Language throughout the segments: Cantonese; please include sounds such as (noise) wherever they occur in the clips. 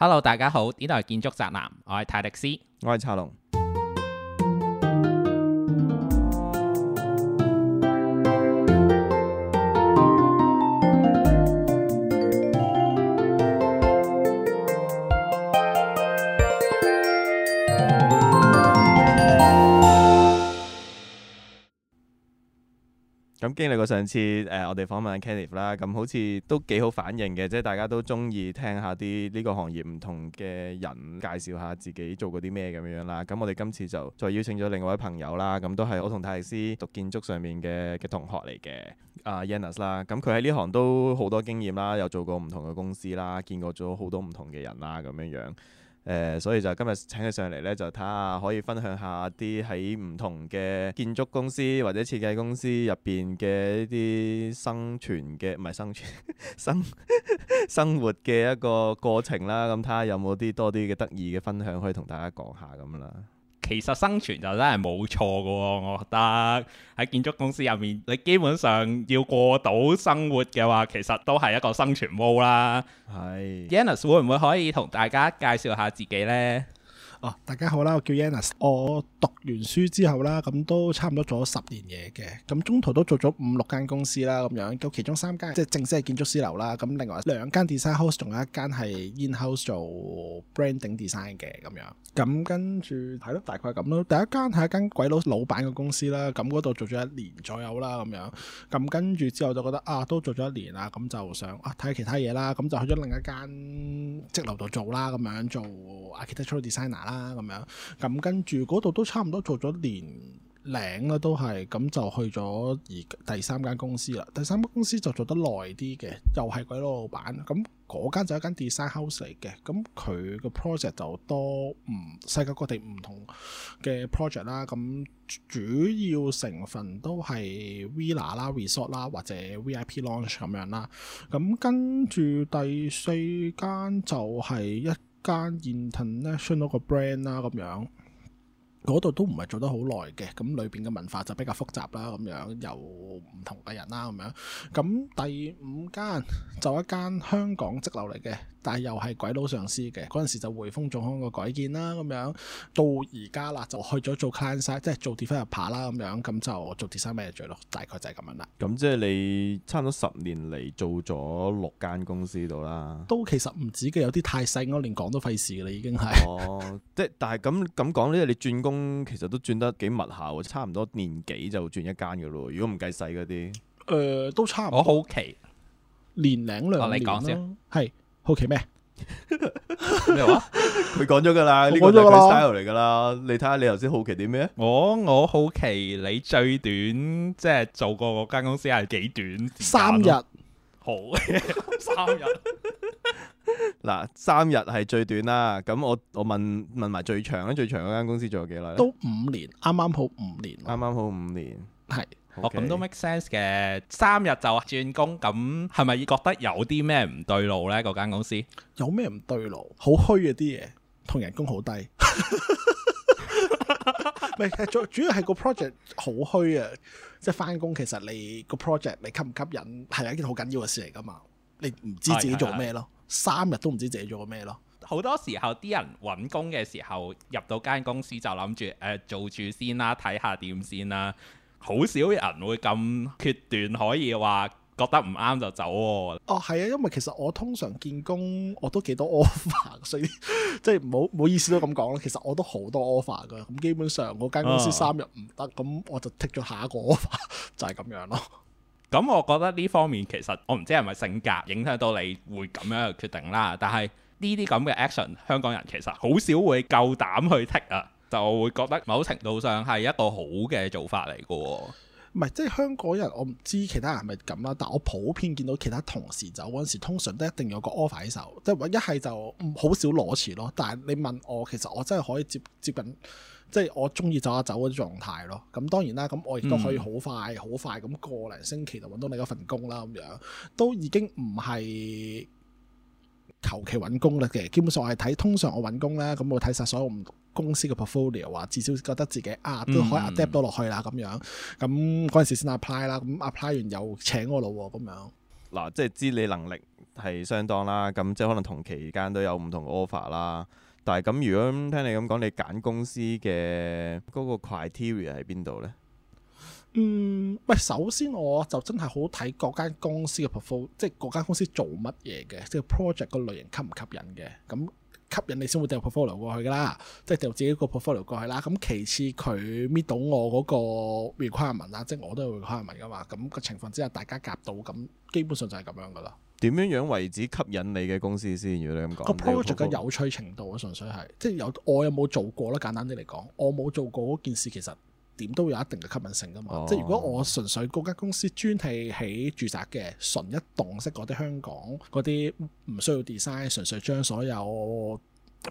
Hello，大家好，呢度係建築宅男，我係泰迪斯，我係查龍。經歷過上次誒、呃，我哋訪問 Caleb 啦，咁、嗯、好似都幾好反應嘅，即係大家都中意聽下啲呢個行業唔同嘅人介紹下自己做過啲咩咁樣啦。咁、嗯、我哋今次就再邀請咗另外一位朋友啦，咁、嗯、都係我同泰斯讀建築上面嘅嘅同學嚟嘅阿、呃、Yannis 啦。咁佢喺呢行都好多經驗啦，又做過唔同嘅公司啦，見過咗好多唔同嘅人啦，咁樣樣。誒、呃，所以就今日請佢上嚟咧，就睇下可以分享下啲喺唔同嘅建築公司或者設計公司入邊嘅一啲生存嘅，唔係生存，生生活嘅一個過程啦。咁睇下有冇啲多啲嘅得意嘅分享可以同大家講下咁啦。其實生存就真係冇錯嘅，我覺得喺建築公司入面，你基本上要過到生活嘅話，其實都係一個生存屋啦。係，Yannis 是。會唔會可以同大家介紹下自己呢？哦，大家好啦，我叫 Yannis。我讀完書之後啦，咁都差唔多做咗十年嘢嘅。咁中途都做咗五六間公司啦，咁樣。咁其中三間即係正式係建築師樓啦。咁另外兩間 design house，仲有一間係 in house 做 branding design 嘅咁樣。咁跟住係咯，大概係咁咯。第一間係一間鬼佬老闆嘅公司啦。咁嗰度做咗一年左右啦，咁樣。咁跟住之後就覺得啊，都做咗一年啦，咁就想啊睇下其他嘢啦。咁就去咗另一間職樓度做啦，咁樣做 architectural designer。啊，咁樣，咁跟住嗰度都差唔多做咗年零啦，都係咁就去咗而第三間公司啦。第三間公司就做得耐啲嘅，又係鬼佬老闆，咁嗰間就一間 design house 嚟嘅，咁佢個 project 就多唔世界各地唔同嘅 project 啦，咁主要成分都係 Villa 啦、resort 啦或者 VIP launch 咁樣啦，咁跟住第四間就係一。間 international 個 brand 啦，咁樣，嗰度都唔係做得好耐嘅，咁裏邊嘅文化就比較複雜啦，咁樣，有唔同嘅人啦，咁樣，咁第五間就一間香港則樓嚟嘅。但又係鬼佬上司嘅，嗰陣時就匯豐、總行個改建啦，咁樣到而家啦，就去咗做 client，即係做跌翻入爬啦，咁樣咁就做跌生咩嘢最咯？大概就係咁樣啦。咁、嗯、即係你差唔多十年嚟做咗六間公司度啦。都其實唔止嘅，有啲太細，我連講都費事啦，已經係。哦，即係 (laughs) 但係咁咁講呢？你轉工其實都轉得幾密下喎，差唔多年幾就轉一間噶咯。如果唔計細嗰啲，誒、呃，都差唔。多。好奇年零兩年。你講先說，係。好奇咩？咩話、 (laughs) 啊？佢講咗噶啦，呢個就佢 style 嚟噶啦。 (laughs) 你睇下你頭先好奇啲咩？我我好奇你最短即係做過嗰間公司係幾短？三日。好，三日。嗱，三日係最短啦。咁我我問問埋最長，最長嗰間公司做咗幾耐？都五年，啱啱好，好五年。啱啱好五年。係。Okay. 哦，咁都 make sense 嘅，三日就轉工，咁係咪覺得有啲咩唔對路呢？嗰間公司有咩唔對路？好虛啊！啲嘢同人工好低，咪，係，主要係個 project 好虛啊！即係翻工，其實你個 project 你吸唔吸引，係一件好緊要嘅事嚟㗎嘛？你唔知自己做咩咯，哎哎哎、三日都唔知自己做咩咯。好多時候啲人揾工嘅時候，入到間公司就諗住誒做住先啦，睇下點先啦。好少人會咁決斷，可以話覺得唔啱就走哦、啊。哦、啊，係啊，因為其實我通常見工，我都幾多 offer，所以即係唔好唔好意思都咁講啦。其實我都好多 offer 噶，咁基本上嗰間公司三日唔得，咁、啊、我就剔咗下一個 offer，就係咁樣咯。咁、嗯、我覺得呢方面其實我唔知係咪性格影響到你會咁樣決定啦。但係呢啲咁嘅 action，香港人其實好少會夠膽去剔啊。就會覺得某程度上係一個好嘅做法嚟嘅喎，唔係即係香港人，我唔知其他人係咪咁啦。但我普遍見到其他同事走嗰陣時，通常都一定有個 offer 喺手，即係一係就唔好少裸辭咯。但係你問我，其實我真係可以接接近，即係我中意走啊走嗰啲狀態咯。咁當然啦，咁我亦都可以好快好、嗯、快咁個嚟星期就揾到你一份工啦。咁樣都已經唔係。求其揾工啦嘅，基本上我係睇通常我揾工啦，咁我睇晒所有唔同公司嘅 portfolio，話至少覺得自己啊都可以 adapt 到落去啦咁、嗯、樣。咁嗰陣時先 apply 啦、啊，咁 apply 完又請我咯咁樣。嗱，即係知你能力係相當啦，咁即係可能同期間都有唔同嘅 offer 啦。但係咁，如果聽你咁講，你揀公司嘅嗰個 criteria 喺邊度咧？嗯，唔係首先我就真係好睇嗰間公司嘅 portfolio 即係嗰間公司做乜嘢嘅，即係 project 個類型吸唔吸引嘅。咁、嗯、吸引你先會掉 portfolio 過去噶啦，即係掉自己個 portfolio 過去啦。咁、嗯、其次佢搣到我嗰個 requirement 啦，即係我都係會 requirement 噶嘛。咁、個情況之下，大家夾到咁，基本上就係咁樣噶啦。點樣樣為止吸引你嘅公司先？如果你咁講個 project 嘅有趣程度，純粹係即係有我有冇做過咧。簡單啲嚟講，我冇做過嗰件事其實。點都有一定嘅吸引性㗎嘛！哦、即係如果我純粹嗰間公司專係喺住宅嘅、嗯、純一棟式嗰啲香港嗰啲唔需要 design，純粹將所有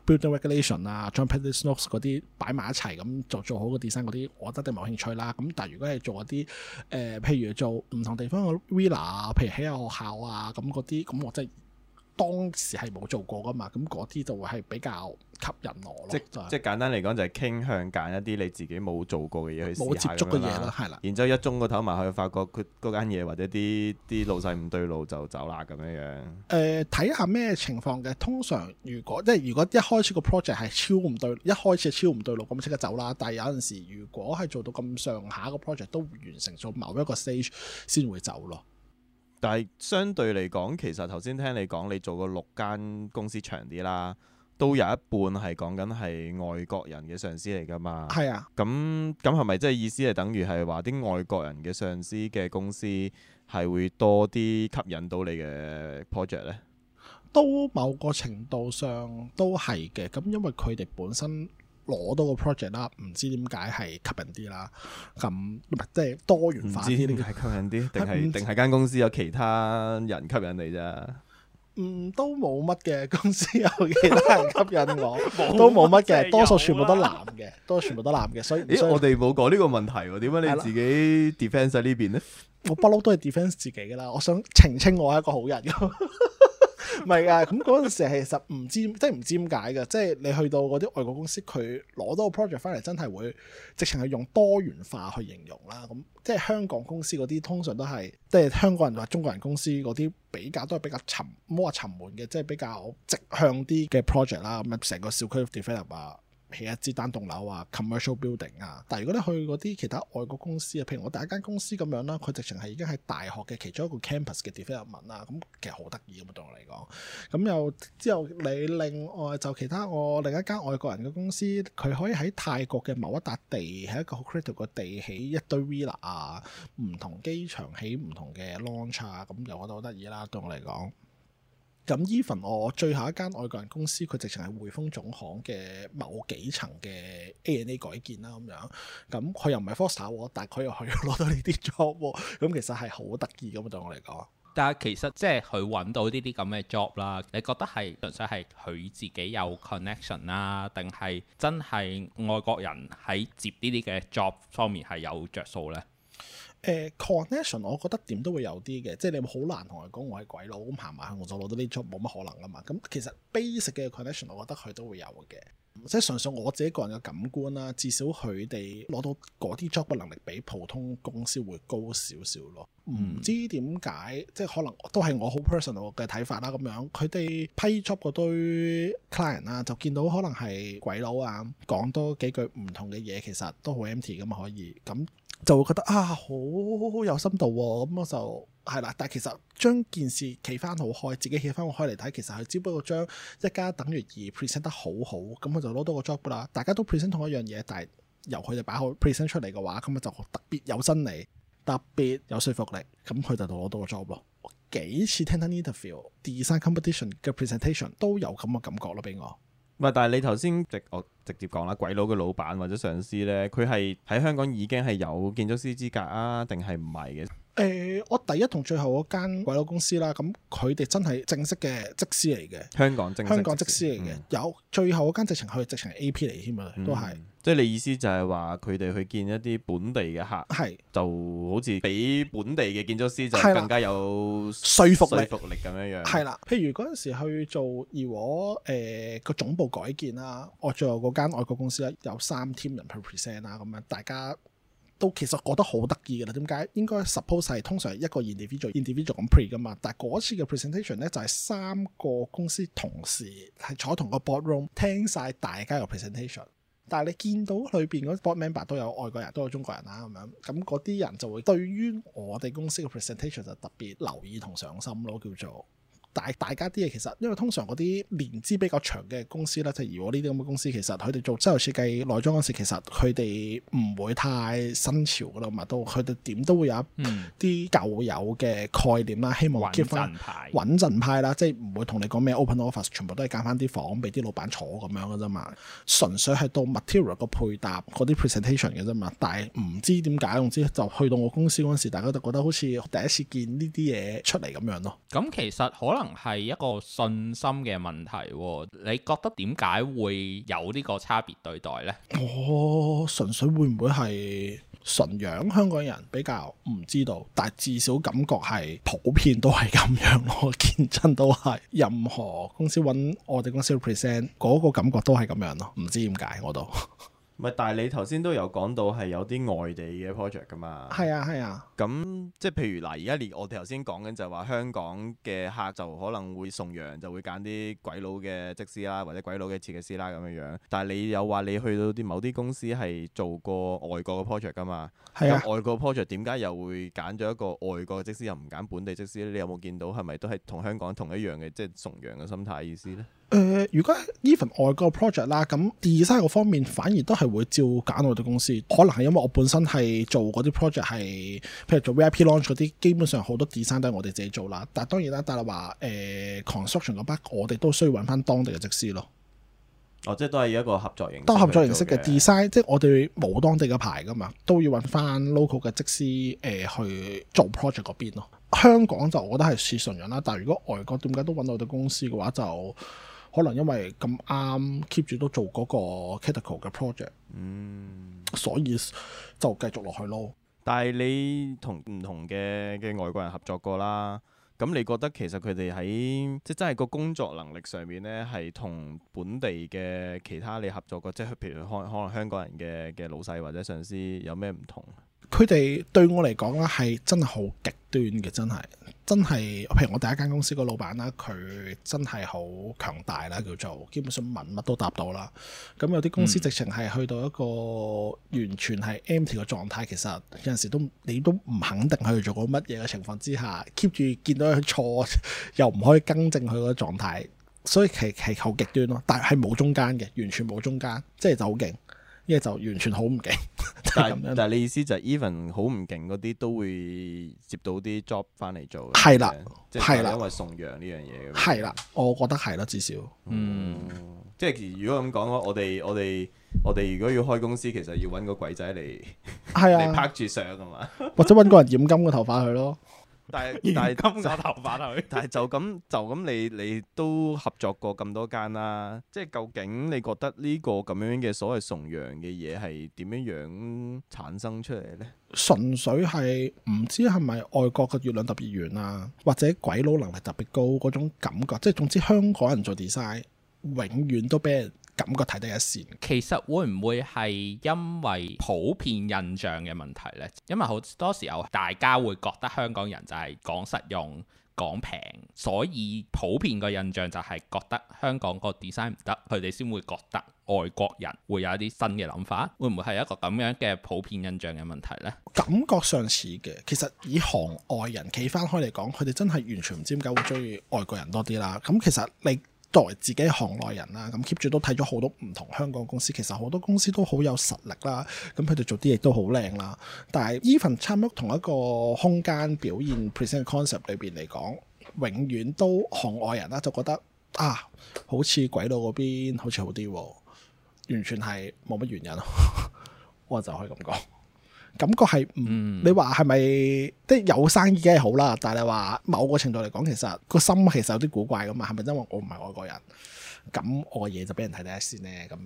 building regulation 啊、將 practice notes 嗰啲擺埋一齊咁就做好個 design 嗰啲，我覺得都冇興趣啦。咁但係如果係做一啲誒、呃，譬如做唔同地方嘅 villa 啊，譬如起下學校啊咁嗰啲，咁我真係～當時係冇做過噶嘛，咁嗰啲就會係比較吸引我咯。即對即簡單嚟講，就係傾向揀一啲你自己冇做過嘅嘢去試下，冇接觸嘅嘢咯，係啦。然之後一中個頭埋去，發覺佢嗰間嘢或者啲啲老細唔對路，就走啦咁樣樣。誒、呃，睇下咩情況嘅。通常如果即係如果一開始個 project 係超唔對，一開始係超唔對路，咁即刻走啦。但係有陣時，如果係做到咁上下個 project 都完成咗某一個 stage，先會走咯。但係相對嚟講，其實頭先聽你講，你做過六間公司長啲啦，都有一半係講緊係外國人嘅上司嚟㗎嘛？係啊。咁咁係咪即係意思係等於係話啲外國人嘅上司嘅公司係會多啲吸引到你嘅 project 呢？都某個程度上都係嘅，咁因為佢哋本身。攞多個 project 啦，唔知點解係吸引啲啦。咁、嗯、即係多元化啲，係吸引啲定係定係間公司有其他人吸引你啫？嗯，都冇乜嘅，公司有其他人吸引我， (laughs) 什麼 都冇乜嘅，啊、多數全部都男嘅，多數全部都男嘅。所以咦，我哋冇講呢個問題喎？點解你自己 defense 喺呢邊呢？ (laughs) 我不嬲都係 defense 自己噶啦，我想澄清我係一個好人。 (laughs) 唔係啊，咁嗰陣時係實唔知，即係唔知點解嘅，即係你去到嗰啲外國公司，佢攞到個 project 翻嚟，真係會直情係用多元化去形容啦。咁即係香港公司嗰啲，通常都係即係香港人或中國人公司嗰啲比較都係比較沉，唔好話，啊、沉悶嘅，即係比較直向啲嘅 project 啦。咁啊，成個小區 develop 啊、er。起一支單棟樓啊，commercial building 啊，但如果你去嗰啲其他外國公司啊，譬如我第一間公司咁樣啦，佢直情係已經喺大學嘅其中一個 campus 嘅 development 啊。咁、嗯、其實好得意嘅嘛，對我嚟講。咁、嗯、又之後你另外就其他我、哦、另一間外國人嘅公司，佢可以喺泰國嘅某一笪地，喺一個好 critical 嘅地起一堆 villa 啊，唔同機場起唔同嘅 launch 啊，咁又覺得好得意啦，對我嚟講。咁 even 我最後一間外國人公司，佢直情係匯豐總行嘅某幾層嘅 A and A 改建啦咁樣，咁佢又唔係 Foster 喎，但佢又可攞到呢啲 job 喎，咁其實係好得意咁嘛，對我嚟講。但係其實即係佢揾到呢啲咁嘅 job 啦，你覺得係純粹係佢自己有 connection 啦？定係真係外國人喺接呢啲嘅 job 方面係有着數呢？誒、uh, connection 我覺得點都會有啲嘅，即係你好難同佢講我係鬼佬咁行埋，我就攞到啲 job 冇乜可能吖嘛。咁其實 basic 嘅 connection 我覺得佢都會有嘅，即係純粹我自己個人嘅感官啦。至少佢哋攞到嗰啲 job 嘅能力比普通公司會高少少咯。唔、mm. 知點解，即係可能都係我好 personal 嘅睇法啦。咁樣佢哋批 job 嗰堆 client 啊，就見到可能係鬼佬啊，講多幾句唔同嘅嘢，其實都好 empty 咁嘛，可以咁。就會覺得啊，好好，好有深度喎、啊！咁我就係啦，但係其實將件事企翻好開，自己企翻好開嚟睇，其實佢只不過將一加等於二 present 得好好，咁佢就攞到個 job 啦。大家都 present 同一樣嘢，但係由佢哋擺好 present 出嚟嘅話，咁咪就特別有真理，特別有說服力，咁佢就攞到個 job 咯。幾次聽緊 interview des、design competition 嘅 presentation 都有咁嘅感覺咯，俾我。唔係，但係你頭先直我直接講啦，鬼佬嘅老闆或者上司咧，佢係喺香港已經係有建築師資格啊，定係唔係嘅？誒、呃，我第一同最後嗰間鬼佬公司啦，咁佢哋真係正式嘅則師嚟嘅，香港正式則香港則師嚟嘅，嗯嗯、有最後嗰間直情係直情係 AP 嚟添啊，AP，都係。嗯即係你意思就係話佢哋去見一啲本地嘅客，的就好似比本地嘅建築師就更加有説的服力咁樣樣。係啦，譬如嗰陣時去做，如果誒個總部改建啦，我最後嗰間外國公司咧，有三 team 人去 present 啦，咁樣大家都其實都覺得好得意㗎啦。點解？應該 suppose 係通常一個 individual individual 咁 pre 㗎嘛。但係嗰次嘅 presentation 咧，就係三個公司同時係坐同一個 boardroom 聽晒大家嘅 presentation。但係你見到裏邊嗰 board member 都有外國人，都有中國人啦，咁樣咁嗰啲人就會對於我哋公司嘅 presentation 就特別留意同上心咯，叫做。大大家啲嘢其實，因為通常嗰啲年資比較長嘅公司咧，即係如果呢啲咁嘅公司，其實佢哋做周頭設計內裝嗰時，其實佢哋唔會太新潮噶啦嘛，都佢哋點都會有一啲舊有嘅概念啦，希望結婚、嗯、穩陣派，穩陣派啦，即係唔會同你講咩 open office，全部都係間翻啲房俾啲老闆坐咁樣噶啫嘛，純粹係到 material 個配搭嗰啲 presentation 嘅啫嘛，但係唔知點解總之就去到我公司嗰陣時，大家都覺得好似第一次見呢啲嘢出嚟咁樣咯。咁其實可能。係一個信心嘅問題，你覺得點解會有呢個差別對待呢？我純粹會唔會係純樣香港人比較唔知道，但係至少感覺係普遍都係咁樣咯。我見真都係任何公司揾我哋公司 present 嗰個感覺都係咁樣咯，唔知點解我都。唔係，但係你頭先都有講到係有啲外地嘅 project 噶嘛？係啊，係啊。咁即係譬如嗱，而家連我哋頭先講緊就係話香港嘅客就可能會崇洋，就會揀啲鬼佬嘅則師啦，或者鬼佬嘅設計師啦咁樣樣。但係你有話你去到啲某啲公司係做過外國嘅 project 㗎嘛？係啊。外國 project 點解又會揀咗一個外國嘅則師，又唔揀本地則師咧？你有冇見到係咪都係同香港同一樣嘅，即係崇洋嘅心態意思咧？誒、呃，如果 even 外國 project 啦，咁 design 方面反而都係會照揀外國公司。可能係因為我本身係做嗰啲 project 係。譬如做 VIP launch 嗰啲，基本上好多 design 都係我哋自己做啦。但係當然啦，但係話誒 construction 嗰 part 我哋都需要揾翻當地嘅則師咯。哦，即係都係一個合作形式。多合作形式嘅 design，的即係我哋冇當地嘅牌噶嘛，都要揾翻 local 嘅則師誒、呃、去做 project 嗰邊咯。香港就我覺得係似純人啦，但係如果外國點解都揾到我哋公司嘅話，就可能因為咁啱 keep 住都做嗰個 c a t e i c a l 嘅 project，嗯，所以就繼續落去咯。但係你同唔同嘅嘅外國人合作過啦，咁你覺得其實佢哋喺即真係個工作能力上面呢，係同本地嘅其他你合作過，即係譬如可可能香港人嘅嘅老細或者上司有咩唔同？佢哋對我嚟講咧係真係好極端嘅，真係真係。譬如我第一間公司個老闆啦，佢真係好強大啦，叫做基本上問乜都答到啦。咁有啲公司直情係去到一個完全係 empty 嘅狀態，其實有陣時都你都唔肯定佢做過乜嘢嘅情況之下，keep 住見到佢錯又唔可以更正佢個狀態，所以係係好極端咯。但係冇中間嘅，完全冇中間，即係就好勁。嘅就完全好唔勁，但係你意思就係 even 好唔勁嗰啲都會接到啲 job 翻嚟做，係啦的，係啦的，因為崇洋呢樣嘢，係啦的，我覺得係咯，至少，嗯，即係如果咁講我哋我哋我哋如果要開公司，其實要揾個鬼仔嚟，係啊的， (laughs) 拍住相啊嘛，或者揾個人染金個頭髮去咯。 (laughs) 但係但係咁個頭髮佢， (laughs) 但係就咁就咁，你你都合作過咁多間啦。即係究竟你覺得呢個咁樣嘅所謂崇洋嘅嘢係點樣樣產生出嚟呢？純粹係唔知係咪外國嘅月亮特別圓啊，或者鬼佬能力特別高嗰種感覺。即係總之香港人做 design 永遠都 bad 感覺睇得一線，其實會唔會係因為普遍印象嘅問題呢？因為好多時候大家會覺得香港人就係講實用、講平，所以普遍個印象就係覺得香港個 design 唔得，佢哋先會覺得外國人會有一啲新嘅諗法。會唔會係一個咁樣嘅普遍印象嘅問題呢？感覺上似嘅，其實以行外人企翻開嚟講，佢哋真係完全唔知點解會中意外國人多啲啦。咁其實你，作為自己行內人啦，咁 keep 住都睇咗好多唔同香港公司，其實好多公司都好有實力啦，咁佢哋做啲嘢都好靚啦。但係呢份參與同一個空間表現 present concept 裏邊嚟講，永遠都行外人啦，就覺得啊，好似鬼佬嗰邊好似好啲，完全係冇乜原因， (laughs) 我就可以咁講。感覺係唔，你話係咪即係有生意梗係好啦？但係話某個程度嚟講，其實個心其實有啲古怪㗎嘛。係咪因為我唔係外國人？咁我嘢就俾人睇睇先呢。咁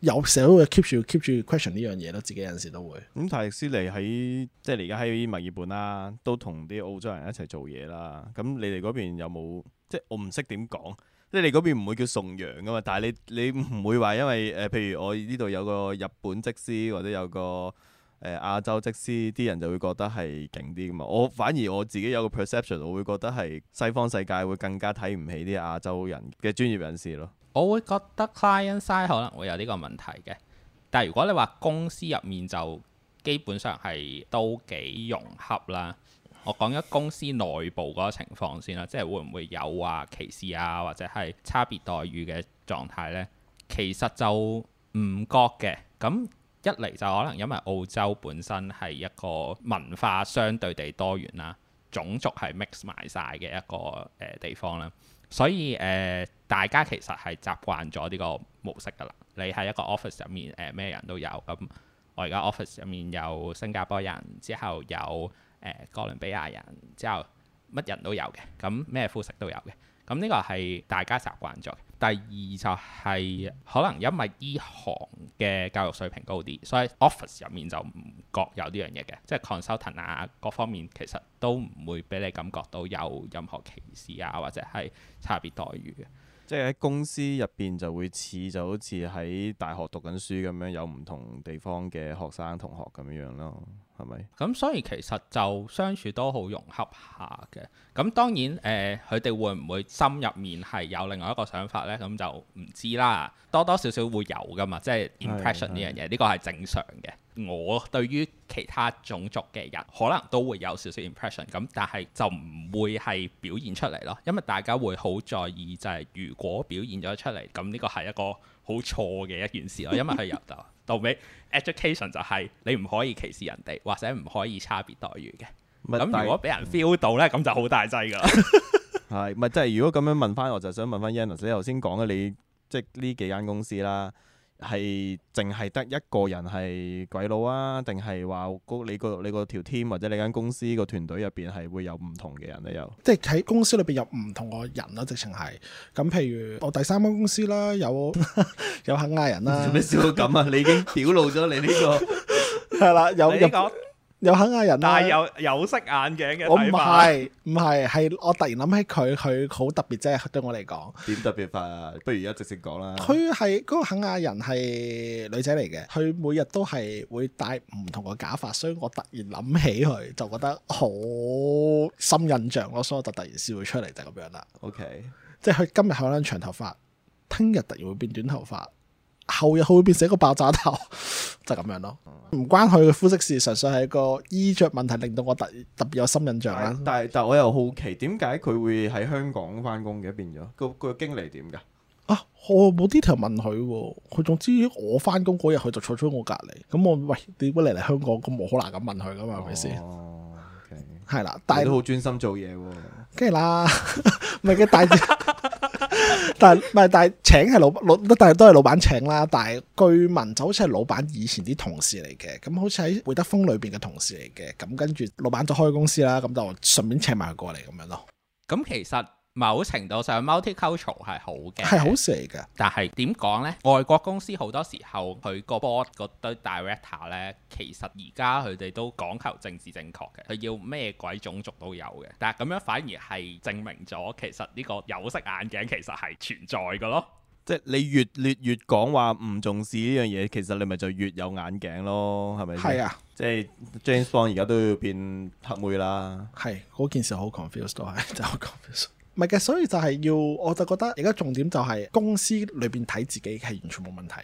有時都會 keep 住 keep 住 question 呢樣嘢咯，自己有陣時都會。咁泰迪斯尼喺即係而家喺墨爾本啦，都同啲澳洲人一齊做嘢啦。咁你哋嗰邊有冇即係我唔識點講？即係你嗰邊唔會叫崇洋噶嘛？但係你你唔會話因為誒，譬如我呢度有個日本職師或者有個。誒、呃、亞洲即師啲人就會覺得係勁啲噶嘛，我反而我自己有個 perception，我會覺得係西方世界會更加睇唔起啲亞洲人嘅專業人士咯。我會覺得 client side 可能會有呢個問題嘅，但係如果你話公司入面就基本上係都幾融洽啦。我講一公司內部嗰個情況先啦，即係會唔會有話、啊、歧視啊，或者係差別待遇嘅狀態呢？其實就唔覺嘅，咁。一嚟就可能因為澳洲本身係一個文化相對地多元啦，種族係 mix 埋晒嘅一個誒、呃、地方啦，所以誒、呃、大家其實係習慣咗呢個模式㗎喇。你喺一個 office 入面誒咩、呃、人都有，咁我而家 office 入面有新加坡人，之後有誒、呃、哥倫比亞人，之後乜人都有嘅，咁咩膚色都有嘅。咁呢個係大家習慣咗。第二就係、是、可能因為依行嘅教育水平高啲，所以 office 入面就唔覺有呢樣嘢嘅，即係 consultant 啊各方面其實都唔會俾你感覺到有任何歧視啊或者係差別待遇嘅。即係喺公司入邊就會似就好似喺大學讀緊書咁樣，有唔同地方嘅學生同學咁樣咯。係咪？咁所以其實就相處都好融洽下嘅。咁、嗯、當然誒，佢、呃、哋會唔會心入面係有另外一個想法呢？咁就唔知啦。多多少少會有噶嘛，即係 impression 呢樣嘢，呢的個係正常嘅。我對於其他種族嘅人，可能都會有少少 impression。咁但係就唔會係表現出嚟咯，因為大家會好在意，就係如果表現咗出嚟，咁呢個係一個好錯嘅一件事咯，因為佢入到。 (laughs) 到尾 education 就係你唔可以歧視人哋，或者唔可以差別待遇嘅。咁但如果俾人 feel 到咧，咁、嗯、就好大劑噶。係， (laughs) 唔即係如果咁樣問翻，我就想問翻 Yannis，即係頭先講嘅你，即係呢幾間公司啦。係淨係得一個人係鬼佬啊？定係話你個你個條 team 或者你間公司個團隊入邊係會有唔同嘅人咧？有即係喺公司裏邊有唔同個人咯、啊，直情係咁。譬如我第三間公司啦，有 (laughs) (laughs) 有肯亞人啦。做咩笑到咁啊？啊 (laughs) 你已經表露咗你呢、這個係啦， (laughs) (laughs) 有。 (laughs) 有肯亞人，啊，但係有有色眼鏡嘅睇法。我唔係唔係，係我突然諗起佢，佢好特別啫，對我嚟講。點特別法？不如而家直接講啦。佢係嗰個肯亞人係女仔嚟嘅，佢每日都係會戴唔同嘅假髮，所以我突然諗起佢，就覺得好深印象咯，啊，所以我就突然笑出嚟就咁樣啦。OK，即係佢今日可能係長頭髮，聽日突然會變短頭髮。後日佢會變成一個爆炸頭，就咁、是、樣咯，唔、嗯、關佢嘅膚色事，純粹係個衣着問題令到我特特別有心印象啦。但係，但我又好奇點解佢會喺香港翻工嘅？變咗個個經歷點㗎？啊，我冇啲 e t 問佢喎，佢總之我翻工嗰日佢就坐咗我隔離，咁我喂，點解你嚟香港，咁我好能咁問佢㗎嘛？係咪先？係、okay. 啦，但係都好專心做嘢喎。梗係啦，唔係嘅， (laughs) (laughs) 但但唔係，但請係老老，但都係老闆請啦。但係據聞就好似係老闆以前啲同事嚟嘅，咁好似喺匯德豐裏邊嘅同事嚟嘅。咁跟住老闆就開公司啦，咁就順便請埋佢過嚟咁樣咯。咁其實～某程度上，multicultural 係好嘅，係好蛇嘅。但係點講呢？外國公司好多時候佢個 board 嗰堆 director 呢，其實而家佢哋都講求政治正確嘅，佢要咩鬼種族都有嘅。但係咁樣反而係證明咗其實呢個有色眼鏡其實係存在嘅咯。即係你越越講話唔重視呢樣嘢，其實你咪就越有眼鏡咯，係咪？係啊，即係 James Bond 而家都要變黑妹啦。係嗰件事好 confused 都係，confused。唔係嘅，所以就係要，我就覺得而家重點就係公司裏邊睇自己係完全冇問題，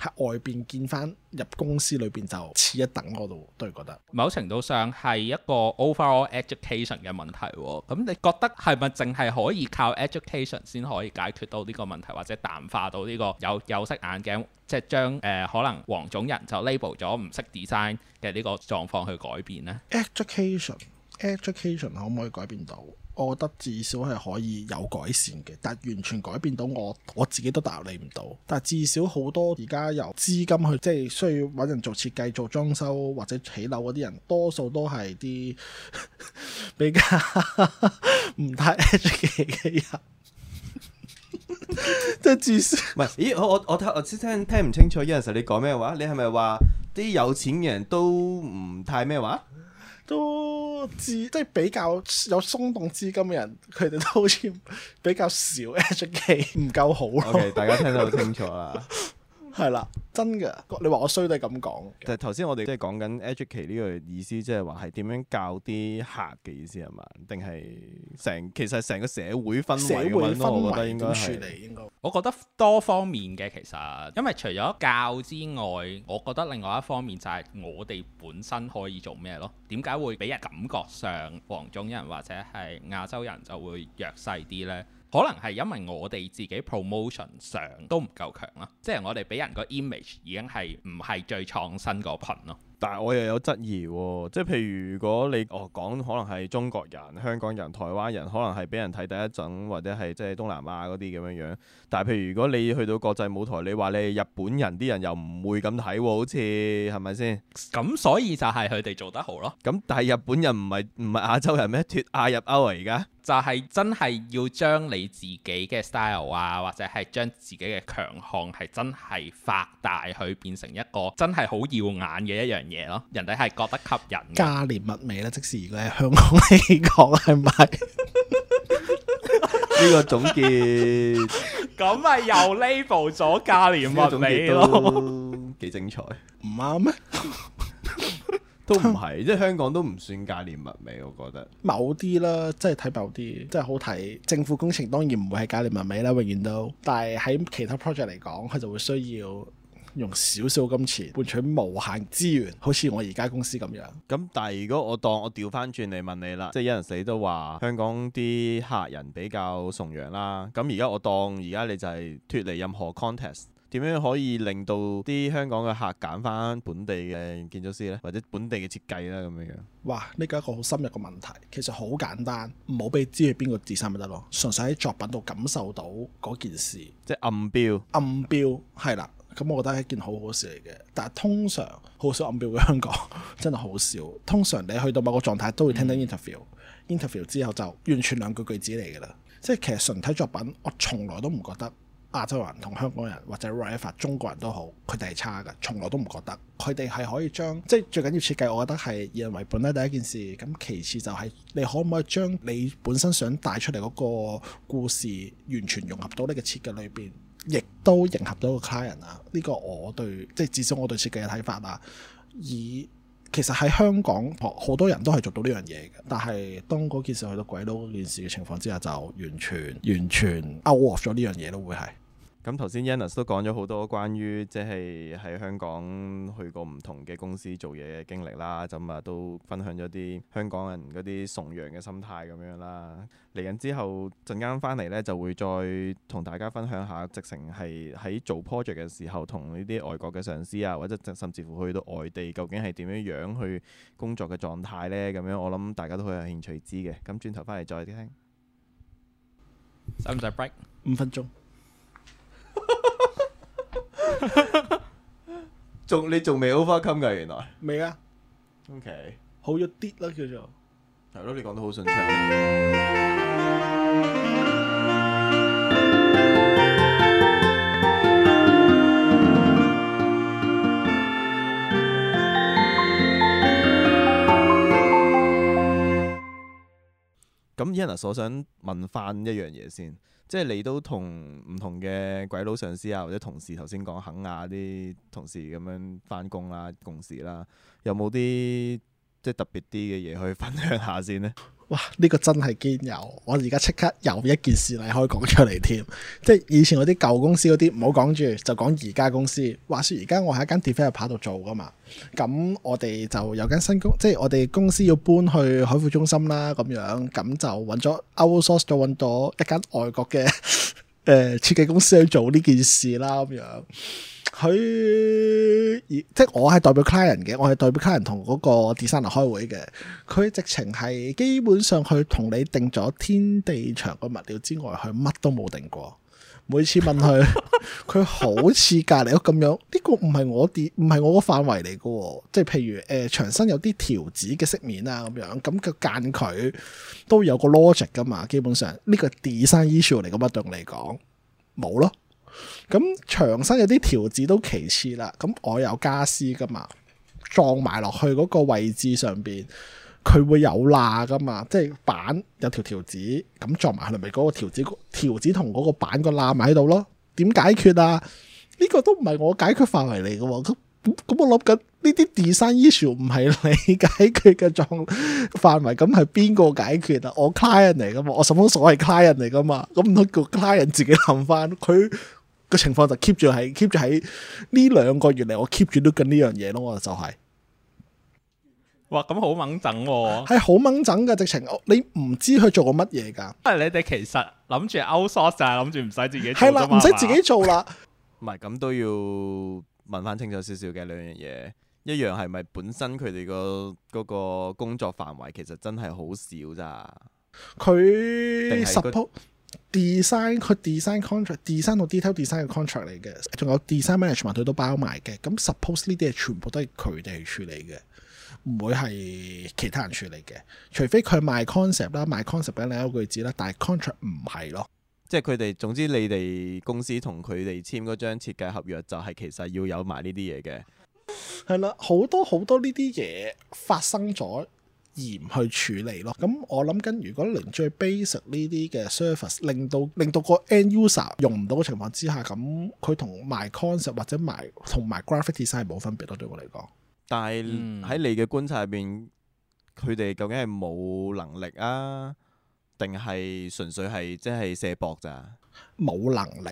喺外邊見翻入公司裏邊就次一等嗰度，都係覺得某程度上係一個 overall education 嘅問題。咁你覺得係咪淨係可以靠 education 先可以解決到呢個問題，或者淡化到呢個有有色眼鏡，即係將誒可能黃種人就 label 咗唔識 design 嘅呢個狀況去改變呢？Education，education 可唔可以改變到？我覺得至少係可以有改善嘅，但係完全改變到我我自己都答你唔到。但係至少好多而家由資金去即係需要揾人做設計、做裝修或者起樓嗰啲人，多數都係啲 (laughs) 比較唔 (laughs) 太 e 嘅人。即 (laughs) 係至少唔係咦？我我我，我聽我先聽聽唔清楚，有陣時候你講咩話？你係咪話啲有錢嘅人都唔太咩話？都資即係比較有鬆動資金嘅人，佢哋都好似比較少 H K 唔夠好咯。 (laughs) Okay, 大家聽到清楚啦。 (laughs) 係啦，真噶，你話我衰都係咁講。但係頭先我哋即係講緊 education 呢個意思，即係話係點樣教啲客嘅意思係嘛？定係成其實成個社會氛圍，我覺得應該係。我覺得多方面嘅，其實，因為除咗教之外，我覺得另外一方面就係我哋本身可以做咩咯？點解會俾人感覺上黃種人或者係亞洲人就會弱勢啲咧？可能係因為我哋自己 promotion 上都唔夠強啦，即係我哋俾人個 image 已經係唔係最創新嗰群咯。但係我又有質疑喎、哦，即係譬如如果你哦講可能係中國人、香港人、台灣人，可能係俾人睇第一陣或者係即係東南亞嗰啲咁樣樣。但係譬如如果你去到國際舞台，你話你日本人，啲人又唔會咁睇喎，好似係咪先？咁所以就係佢哋做得好咯。咁但係日本人唔係唔係亞洲人咩？脫亞入歐啊而家。就係真係要將你自己嘅 style 啊，或者係將自己嘅強項係真係發大去變成一個真係好耀眼嘅一樣嘢咯，人哋係覺得吸引。價廉物美啦，即使而家喺香港嚟講係咪？呢 (laughs) (laughs) (laughs) 個總結咁咪 (laughs) 又 label 咗價廉物美咯， (laughs) 幾精彩？唔啱咩？ (laughs) 都唔係， (laughs) 即係香港都唔算價廉物美，我覺得某啲啦，即係睇某啲，即係好睇。政府工程當然唔會係價廉物美啦，永遠都。但係喺其他 project 嚟講，佢就會需要用少少金錢換取無限資源，好似我而家公司咁樣。咁 (laughs) 但係如果我當我調翻轉嚟問你啦，即係有人死都話香港啲客人比較崇洋啦。咁而家我當而家你就係脱離任何 contest。點樣可以令到啲香港嘅客揀翻本地嘅建築師呢？或者本地嘅設計啦咁樣樣？哇！呢個係一個好深入嘅問題，其實好簡單，唔好俾知佢邊個 design 咪得咯，純粹喺作品度感受到嗰件事，即係暗標。暗標係啦，咁我覺得係一件好好事嚟嘅。但係通常好少暗標嘅香港，真係好少。通常你去到某個狀態，都會聽聽 interview、嗯。interview 之後就完全兩句句子嚟嘅啦。即係其實純睇作品，我從來都唔覺得。亞洲人同香港人或者 refa 中國人都好，佢哋係差㗎，從來都唔覺得佢哋係可以將即係最緊要設計，我覺得係以人為本咧第一件事。咁其次就係你可唔可以將你本身想帶出嚟嗰個故事完全融合到呢個設計裏邊，亦都迎合到個 client 啊？呢、呢個我對即係至少我對設計嘅睇法啊。而其實喺香港，好多人都係做到呢樣嘢嘅，但係當嗰件事去到鬼佬嗰件事嘅情況之下，就完全完全 out 咗呢樣嘢都會係。咁頭先 Yannis 都講咗好多關於即係喺香港去過唔同嘅公司做嘢嘅經歷啦，咁啊都分享咗啲香港人嗰啲崇洋嘅心態咁樣啦。嚟緊之後陣間翻嚟咧，就會再同大家分享下直情係喺做 project 嘅時候同呢啲外國嘅上司啊，或者甚至乎去到外地，究竟係點樣樣去工作嘅狀態咧？咁樣我諗大家都好有興趣知嘅。咁轉頭翻嚟再聽，使唔使 break 五分鐘？仲 (laughs) 你仲未 overcome 噶，原來未啊。OK，好咗啲啦，叫做係咯。你講得好順暢。咁 Yannis 我想問翻一樣嘢先，即係你都同唔同嘅鬼佬上司啊，或者同事頭先講肯亞啲同事咁樣翻工啦、共事啦，有冇啲？即係特別啲嘅嘢去分享下先咧，哇！呢個真係堅有，我而家即刻有一件事嚟可以講出嚟添。即係以前我啲舊公司嗰啲唔好講住，就講而家公司。話說而家我喺間 developer 度做噶嘛，咁我哋就有間新公，即係我哋公司要搬去海富中心啦，咁樣咁就揾咗 outsourced 揾到一間外國嘅。誒、呃、設計公司去做呢件事啦，咁樣佢即係我係代表 client 嘅，我係代表 client 同嗰個 designer 開會嘅。佢直情係基本上佢同你定咗天地牆嘅物料之外，佢乜都冇定過。每次問佢，佢好似隔離咗咁樣，呢、這個唔係我啲唔係我個範圍嚟嘅喎。即係譬如誒、呃、牆身有啲條子嘅飾面啊，咁樣咁個間距都有個 logic 噶嘛。基本上呢、這個 design issue 嚟嘅，對我嚟講冇咯。咁牆身有啲條子都其次啦。咁我有家私噶嘛，撞埋落去嗰個位置上邊。佢會有罅噶嘛，即係板有條條紙咁撞埋，係咪嗰個條紙條紙同嗰個板個罅埋喺度咯？點解決啊？呢個都唔係我解決範圍嚟嘅喎。咁咁我諗緊呢啲 design issue 唔係你解決嘅撞範圍，咁係邊個解決啊？我 client 嚟噶嘛，我什麼所謂 client 嚟噶嘛？咁唔通叫 client 自己諗翻？佢個情況就 keep 住係 keep 住喺呢兩個月嚟，我 keep 住都緊呢樣嘢咯。我就係。哇，咁好掹整喎，係好掹整嘅直情！你唔知佢做過乜嘢噶？係你哋其實諗住 out source 啊，諗住唔使自己做啫嘛？唔使了吧自己做啦。唔係， (laughs) 咁都要問翻清楚少少嘅兩樣嘢，一樣係咪本身佢哋個嗰個工作範圍其實真係好少咋？佢 suppose design 佢 design contract，design 同 detail design 嘅 contract 嚟嘅，仲有 design management 佢都包埋嘅，咁 suppose 呢啲係全部都係佢哋去處理嘅。唔會係其他人處理嘅，除非佢賣 concept 啦，賣 concept 俾你兩句字啦，但係 contract 唔係咯，即係佢哋，總之你哋公司同佢哋簽嗰張設計合約，就係其實要有埋呢啲嘢嘅。係啦，好多好多呢啲嘢發生咗而唔去處理咯。咁我諗緊，如果連最 basic 呢啲嘅 service，令到令到個 end user 用唔到嘅情況之下，咁佢同賣 concept 或者賣同埋 graphic design 冇分別咯，對我嚟講。但係喺你嘅觀察入邊，佢哋、嗯、究竟係冇能力啊，定係純粹係即係卸膊咋？冇能力，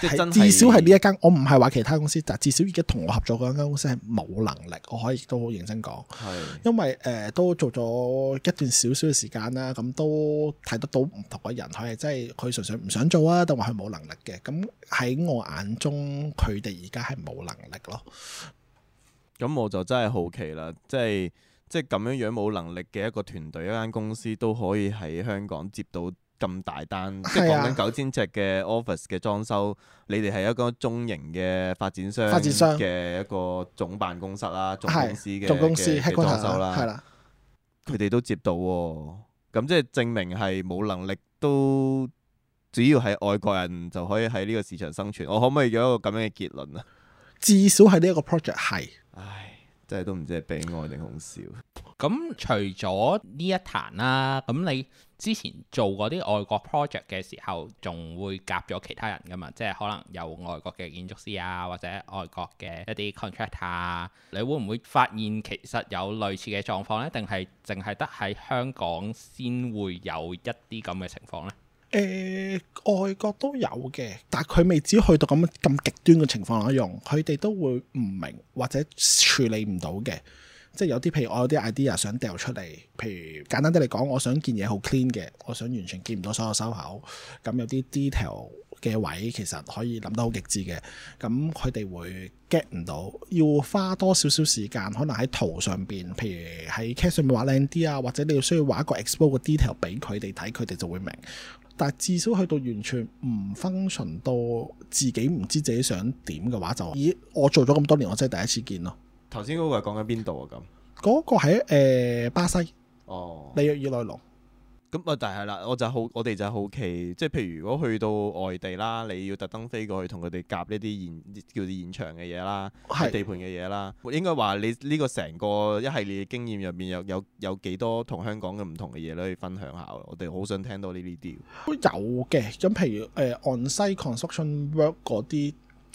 至少係呢一間。我唔係話其他公司，但至少而家同我合作嗰間公司係冇能力。我可以都認真講，係是因為誒、呃、都做咗一段少少嘅時間啦，咁都睇得到唔同嘅人，佢係真係佢純粹唔想做啊，定話佢冇能力嘅。咁喺我眼中，佢哋而家係冇能力咯。咁我就真係好奇啦，即係即係咁樣樣冇能力嘅一個團隊、一間公司都可以喺香港接到咁大單，啊、即係講緊九千尺嘅 office 嘅裝修。你哋係一個中型嘅發展商嘅一個總辦公室啦，總公司嘅公司裝修啦，係啦、啊，佢哋、啊、都接到喎。咁即係證明係冇能力都，只要係外國人就可以喺呢個市場生存。我可唔可以有一個咁樣嘅結論啊？至少係呢一個 project 係。唉，真係都唔知係悲哀定好笑。咁 (laughs) 除咗呢一壇啦、啊，咁你之前做嗰啲外國 project 嘅時候，仲會夾咗其他人㗎嘛？即係可能有外國嘅建築師啊，或者外國嘅一啲 contractor 啊，你會唔會發現其實有類似嘅狀況呢？定係淨係得喺香港先會有一啲咁嘅情況呢？誒、呃、外國都有嘅，但係佢未至於去到咁咁極端嘅情況攞用，佢哋都會唔明或者處理唔到嘅。即係有啲譬如我有啲 idea 想掉出嚟，譬如簡單啲嚟講，我想件嘢好 clean 嘅，我想完全見唔到所有收口，咁有啲 detail 嘅位其實可以諗得好極致嘅，咁佢哋會 get 唔到，要花多少少時間，可能喺圖上邊，譬如喺 case 上面畫靚啲啊，或者你要需要畫一個 expose 嘅 detail 俾佢哋睇，佢哋就會明。但至少去到完全唔分寸到自己唔知自己想點嘅話就，就咦我做咗咁多年，我真係第一次見咯。頭先個係講緊邊度啊？咁嗰個喺誒、呃、巴西哦，里約熱內盧。咁啊，嗯，但係啦，我就好，我哋就好奇，即係譬如如果去到外地啦，你要特登飛過去同佢哋夾呢啲現，叫做現場嘅嘢啦，啲的地盤嘅嘢啦，應該話你呢個成個一系列嘅經驗入面有，有有有幾多同香港嘅唔同嘅嘢咧可以分享下？我哋好想聽到呢啲啲。都有嘅，咁譬如誒、呃、on site construction work 啲。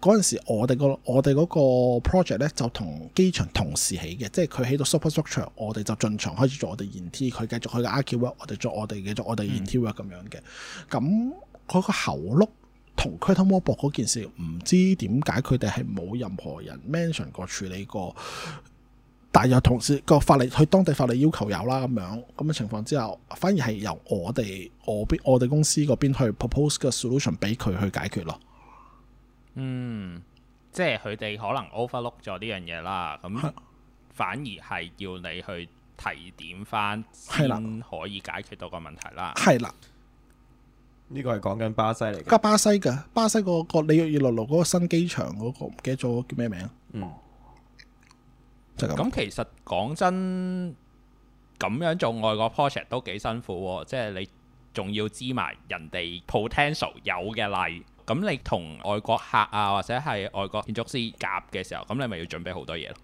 嗰陣時，我哋個我哋嗰個 project 咧，就同機場同時起嘅，即係佢起到 superstructure，我哋就進場開始做我哋延 T，佢繼續去嘅 ARC work，我哋做我哋嘅做我哋延 T work 咁樣嘅。咁、嗯、佢、嗯那個喉碌同 cutting 摩博嗰件事，唔知點解佢哋係冇任何人 mention 過處理過，但又同時個法例，佢當地法例要求有啦，咁樣咁嘅情況之下，反而係由我哋我我哋公司嗰邊去 propose 個 solution 俾佢去解決咯。嗯，即係佢哋可能 overlook 咗呢樣嘢啦，咁、嗯、 (laughs) 反而係要你去提點翻先可以解決到個問題啦。係啦的，呢個係講緊巴西嚟嘅。巴西嘅巴西嗰個里約熱內盧個新機場嗰、那個唔記得咗叫咩名嗯，就咁、嗯嗯。其實講真，咁樣做外國 project 都幾辛苦，即係你仲要知埋人哋 potential 有嘅例。咁你同外國客啊，或者係外國建築師夾嘅時候，咁你咪要準備好多嘢咯？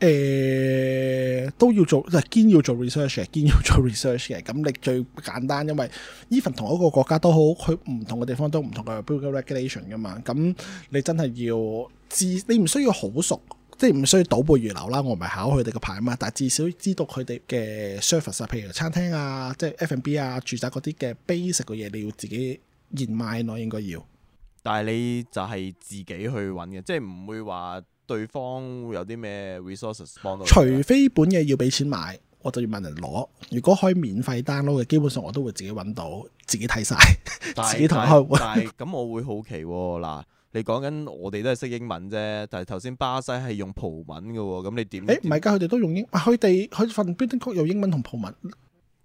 誒、呃，都要做，係堅要做 research 嘅，堅要做 research 嘅。咁你最簡單，因為 even 同一個國家都好，佢唔同嘅地方都唔同嘅 building regulation 㗎嘛。咁你真係要知，你唔需要好熟，即係唔需要倒背如流啦。我咪考佢哋個牌嘛。但係至少知道佢哋嘅 service，譬如餐廳啊、即係 F&B 啊、住宅嗰啲嘅 basic 嘅嘢，你要自己研 mine 咯，應該要。但係你就係自己去揾嘅，即係唔會話對方會有啲咩 resources 幫到你。除非本嘢要俾錢買，我就要問人攞。如果可以免費 download 嘅，基本上我都會自己揾到，自己睇晒，但自己同佢開會。但咁，但我會好奇喎。嗱、 (laughs) 啊，你講緊我哋都係識英文啫，但係頭先巴西係用葡文嘅喎，咁你點？誒、欸，唔係㗎，佢哋都用英，佢哋佢份標題曲有英文同葡文。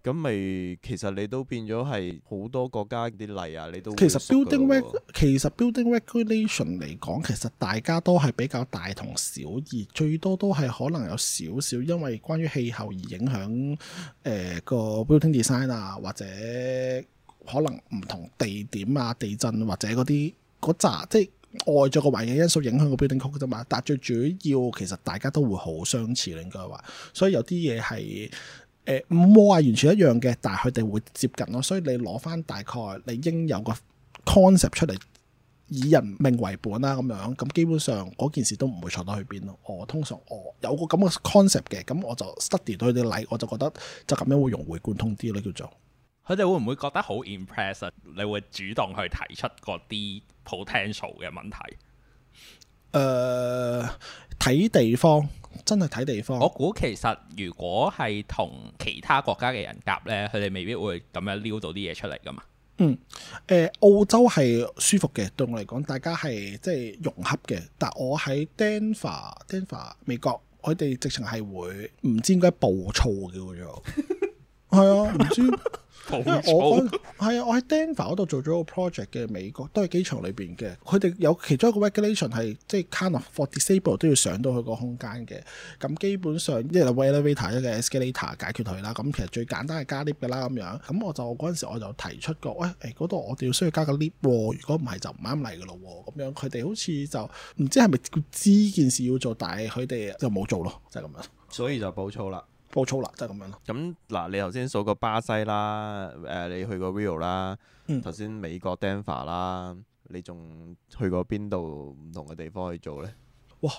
咁咪其實你都變咗係好多國家啲例啊！你都其實 building reg 其實 building regulation 嚟講，其實大家都係比較大同小異，而最多都係可能有少少，因為關於氣候而影響誒、呃、個 building design 啊，或者可能唔同地點啊、地震或者嗰啲嗰扎，即係外在個環境因素影響個 building code 嘅啫嘛。但係最主要，其實大家都會好相似，應該話，所以有啲嘢係。誒唔會話完全一樣嘅，但係佢哋會接近咯，所以你攞翻大概你應有個 concept 出嚟，以人命為本啦，咁樣咁基本上嗰件事都唔會錯到去邊咯。我、哦、通常我、哦、有個咁嘅 concept 嘅，咁我就 study 對佢哋嚟，我就覺得就咁樣會融會貫通啲咧、這個、叫做。佢哋會唔會覺得好 impressive？你會主動去提出嗰啲 potential 嘅問題？誒，睇地方真係睇地方。地方我估其實如果係同其他國家嘅人夾呢，佢哋未必會咁樣撩到啲嘢出嚟噶嘛。嗯、呃，澳洲係舒服嘅，對我嚟講，大家係即係融合嘅。但我喺 Denver，Denver (laughs) 美國，佢哋直情係會唔知點解暴躁嘅，喎，係 (laughs) 啊，唔知。 (laughs) 因為我係啊， (laughs) 我喺 Denver 嗰度做咗個 project 嘅美國，都係機場裏邊嘅。佢哋有其中一個 regulation 係即係 kind of for disabled 都要上到去個空間嘅。咁基本上即係 elevator 嘅 escalator 解決佢啦。咁其實最簡單係加 lift 嘅啦，咁樣。咁我就嗰陣時我就提出過，喂誒嗰度我哋要需要加個 lift，如果唔係就唔啱嚟嘅咯。咁樣佢哋好似就唔知係咪知件事要做，但係佢哋就冇做咯，就係、是、咁樣。所以就補鑊啦。爆粗、就是、啦，即係咁樣咯。咁嗱，你頭先數過巴西啦，誒、呃，你去過 Rio 啦，頭先、嗯、美國 Denver 啦，你仲去過邊度唔同嘅地方去做咧？哇，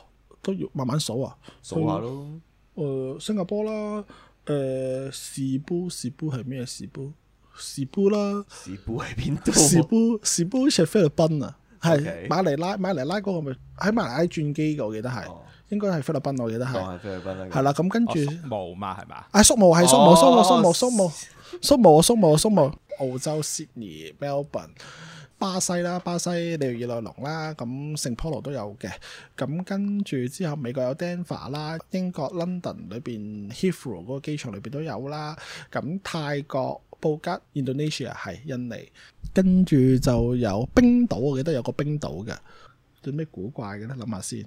都要慢慢數啊！數下咯。誒、呃，新加坡啦，誒、呃，士布士布係咩？士布士布啦。士布係邊度？士布士布好似喺菲律賓啊，係 Okay. 馬尼拉，馬尼拉嗰個咪喺馬尼拉轉機嘅，我記得係。哦應該係菲律賓，我記得係，係啦，咁跟住、啊、毛嘛係嘛、啊？啊，蘇毛係蘇毛蘇毛蘇毛蘇毛蘇毛蘇毛，澳洲 Sydney、Melbourne、巴西啦，巴西例如熱內隆啦，咁聖保羅都有嘅。咁跟住之後，美國有 Denver 啦、啊，英國 London 裏邊 Heathrow 嗰個機場裏邊都有啦。咁、啊、泰國布吉 Indonesia 係印度尼，尼嗯、跟住就有冰島，我記得有個冰島嘅，有、啊、咩古怪嘅咧？諗下先。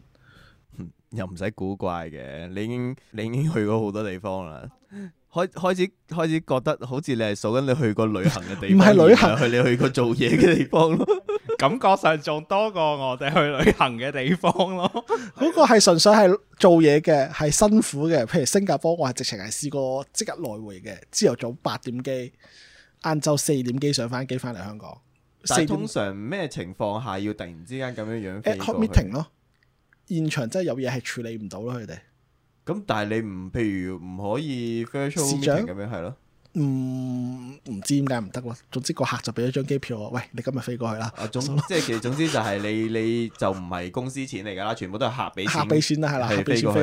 又唔使古怪嘅，你已經你已經去過好多地方啦，開開始開始覺得好似你係數緊你去過旅行嘅地方，唔係旅行，去你去過做嘢嘅地方咯， (laughs) 感覺上仲多過我哋去旅行嘅地方咯。嗰個係純粹係做嘢嘅，係辛苦嘅。譬如新加坡，我係直情係試過即日來回嘅，朝頭早八點機，晏晝四點機上翻機，翻嚟香港。但係通常咩情況下要突然之間咁樣樣咯？現場真係有嘢係處理唔到咯，佢哋。咁但係你唔，譬如唔可以飛出嚟咁樣係咯。唔唔知點解唔得咯。總之個客就俾咗張機票，喂，你今日飛過去啦。啊總，即係其實總之就係你你就唔係公司錢嚟噶啦，全部都係客俾錢。客俾錢啦係啦，客俾錢去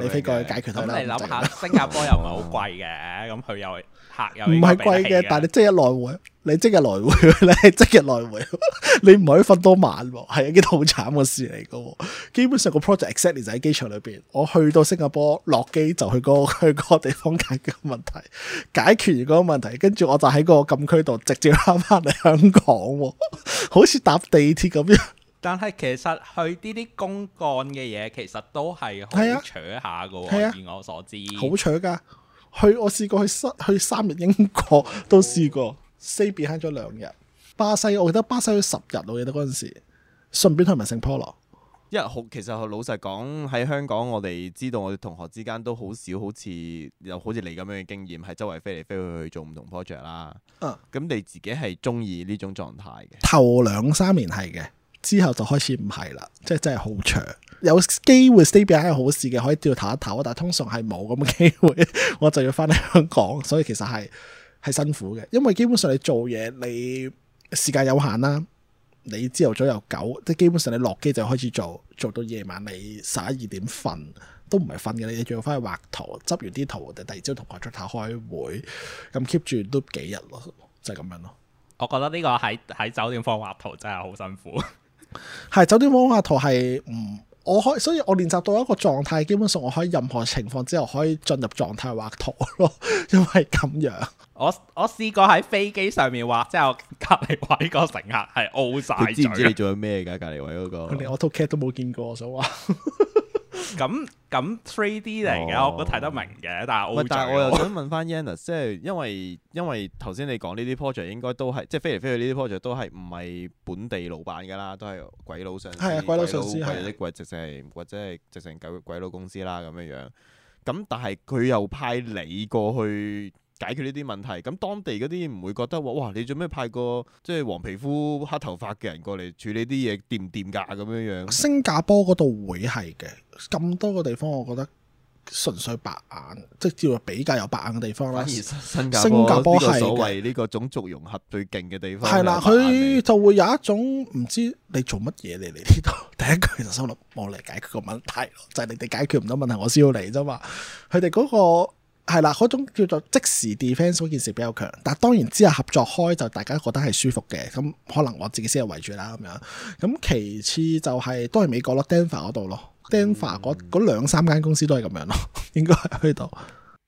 你飛過去解決好啦。你諗下，新加坡又唔係好貴嘅，咁佢又係客又唔係貴嘅，但係你即係一來回。你即日來回，你係即日來回， (laughs) 你唔可以瞓多晚，係一件好慘嘅事嚟嘅。基本上個 project exactly 就喺機場裏邊，我去到新加坡落機就去嗰，嗰個去個地方解決問題，解決完嗰個問題，跟住我就喺個禁區度直接翻返嚟香港，好似搭地鐵咁樣。但係其實去呢啲公幹嘅嘢，其實都係可以坐下噶。係啊，以我，我所知，好坐噶。去我試過去三去三日英國都試過。stay behind 咗兩日，巴西我記得，巴西去十日我記得嗰陣時，順便去埋聖保羅。因為好其實老實講，喺香港，我哋知道我哋同學之間都少好少，好似有好似你咁樣嘅經驗，係周圍飛嚟飛去去做唔同 project 啦。嗯，咁你自己係中意呢種狀態嘅？頭兩三年係嘅，之後就開始唔係啦，即係真係好長。有機會 stay behind 係 (laughs) 好事嘅，可以調頭一頭，但係通常係冇咁嘅機會，我就要翻嚟香港，所以其實係。係辛苦嘅，因為基本上你做嘢，你時間有限啦，你朝頭早又九，即係基本上你落機就開始做，做到夜晚你十一二點瞓，都唔係瞓嘅，你仲要翻去畫圖，執完啲圖，第第二朝同客戶出下開會，咁 keep 住都幾日咯，就係、是、咁樣咯。我覺得呢個喺喺酒店方畫圖真係好辛苦，係 (laughs) 酒店方畫圖係唔。嗯我可以，所以我練習到一個狀態，基本上我可以任何情況之後可以進入狀態畫圖咯，因為咁樣。我我試過喺飛機上面畫，即係我隔籬位嗰個乘客係 O 晒嘴，知唔知你做緊咩噶？隔籬位嗰個，連我套 Kit 都冇見過，想話。咁咁 three D 嚟嘅，哦、我都睇得明嘅。但係，但係我又想問翻 Yannis，即係因為因為頭先你講呢啲 project 應該都係即係、就是、飛嚟飛去呢啲 project 都係唔係本地老闆㗎啦，都係鬼佬上係啊鬼佬上司，佬上司佬佬或者鬼直成或者係直成鬼鬼佬公司啦咁樣樣。咁但係佢又派你過去。解決呢啲問題，咁當地嗰啲唔會覺得喎，哇！你做咩派個即係黃皮膚黑頭髮嘅人過嚟處理啲嘢掂唔掂噶咁樣樣？行行新加坡嗰度會係嘅，咁多個地方，我覺得純粹白眼，即係叫比較有白眼嘅地方啦。新加坡係嘅，所謂呢個種族融合最勁嘅地方。係啦，佢就會有一種唔知你做乜嘢嚟你嚟呢度。第一句就心諗，我嚟解決個問題，就係你哋解決唔到問題，我先要嚟啫嘛。佢哋嗰個。係啦，嗰種叫做即時 defense 嗰件事比較強，但當然之後合作開就大家覺得係舒服嘅，咁可能我自己先係圍住啦咁樣，咁其次就係都係美國咯，Denver 嗰度咯，Denver 嗰兩三間公司都係咁樣咯，應該係去到。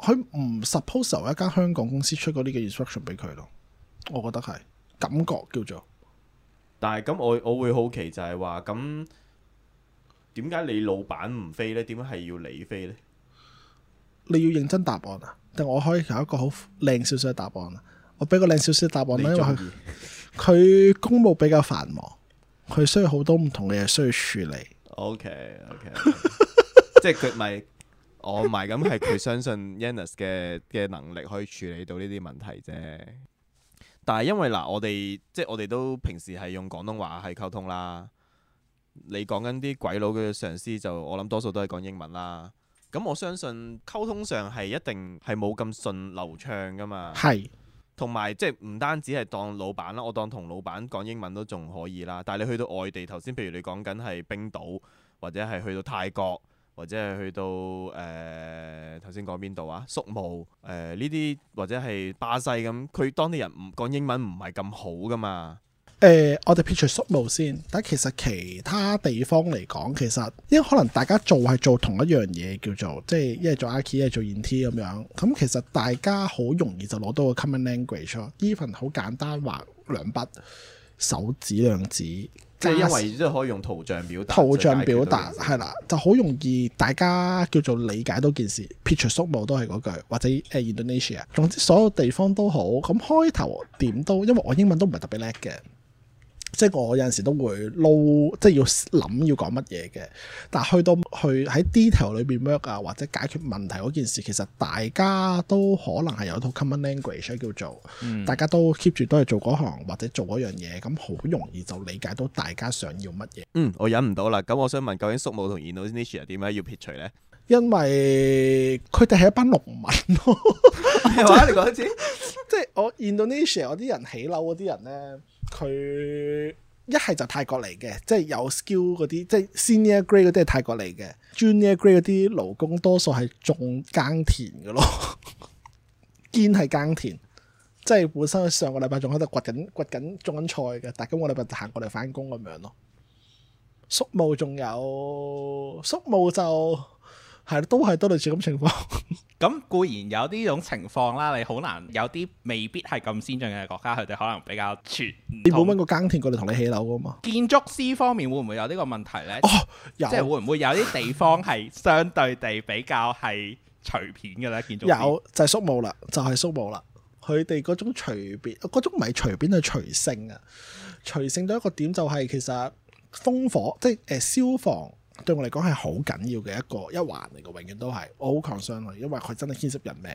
佢唔 suppose 有一間香港公司出呢個 instruction 俾佢咯，我覺得係感覺叫做，但係咁我我會好奇就係話咁，點解你老闆唔飛呢？點解係要你飛呢？你要認真答案啊！定我可以有一個好靚少少嘅答案啊！我俾個靚少少嘅答案咧、啊，因為佢佢 (laughs) 公務比較繁忙，佢需要好多唔同嘅嘢需要處理。O K O K，即係佢咪。哦，唔係，咁係佢相信 Yannis 嘅嘅能力可以處理到呢啲問題啫。但係因為嗱，我哋即係我哋都平時係用廣東話係溝通啦。你講緊啲鬼佬嘅上司就，我諗多數都係講英文啦。咁我相信溝通上係一定係冇咁順流暢㗎嘛。係是，同埋即係唔單止係當老闆啦，我當同老闆講英文都仲可以啦。但係你去到外地，頭先譬如你講緊係冰島或者係去到泰國。或者係去到誒頭先講邊度啊？宿務誒呢啲或者係巴西咁，佢當地人唔講英文唔係咁好噶嘛？誒、呃，我哋撇除宿務先，但其實其他地方嚟講，其實因為可能大家做係做同一樣嘢，叫做即係一係做 i k e 一係做 INT，咁樣咁其實大家好容易就攞到個 common language 咯。even 好簡單，畫兩筆手指兩指。即係因為都可以用圖像表達，圖像表達係啦，就好容易大家叫做理解到件事。Picture symbol 都係嗰句，或者誒、呃、Indonesia，總之所有地方都好。咁開頭點都，因為我英文都唔係特別叻嘅。即係我有陣時都會撈，即係要諗要講乜嘢嘅。但係去到去喺 detail 裏邊 work 啊，或者解決問題嗰件事，其實大家都可能係有一套 common language，所以叫做，大家都 keep 住都係做嗰行或者做嗰樣嘢，咁好容易就理解到大家想要乜嘢。嗯，我忍唔到啦。咁我想問，究竟叔母同 Indonesia 點解要撇除咧？因為佢哋係一班農民咯。係 (laughs) 嘛，就係？ (laughs) 你講一次，即係 (laughs) 我 Indonesia 嗰啲人起樓嗰啲人咧。佢一係就泰國嚟嘅，即係有 skill 嗰啲，即係 senior grade 嗰啲係泰國嚟嘅，junior grade 嗰啲勞工多數係種耕田嘅咯，堅係耕田，即係本身上個禮拜仲喺度掘緊掘緊種緊菜嘅，但今個禮拜就行過嚟翻工咁樣咯。宿務仲有，宿務就。係都係多類似咁情況，咁 (laughs) 固然有呢種情況啦，你好難有啲未必係咁先進嘅國家，佢哋可能比較全，你冇搵個耕田過嚟同你起樓噶嘛？建築師方面會唔會有呢個問題呢？哦，即係會唔會有啲地方係相對地比較係隨便嘅咧？建築有就係宿務啦，就係宿務啦。佢哋嗰種隨便，嗰種唔係隨便，係隨性啊。隨性到一個點就係其實防火，即係消防。對我嚟講係好緊要嘅一個一環嚟嘅，永遠都係我好 concern 咯，因為佢真係牽涉人命。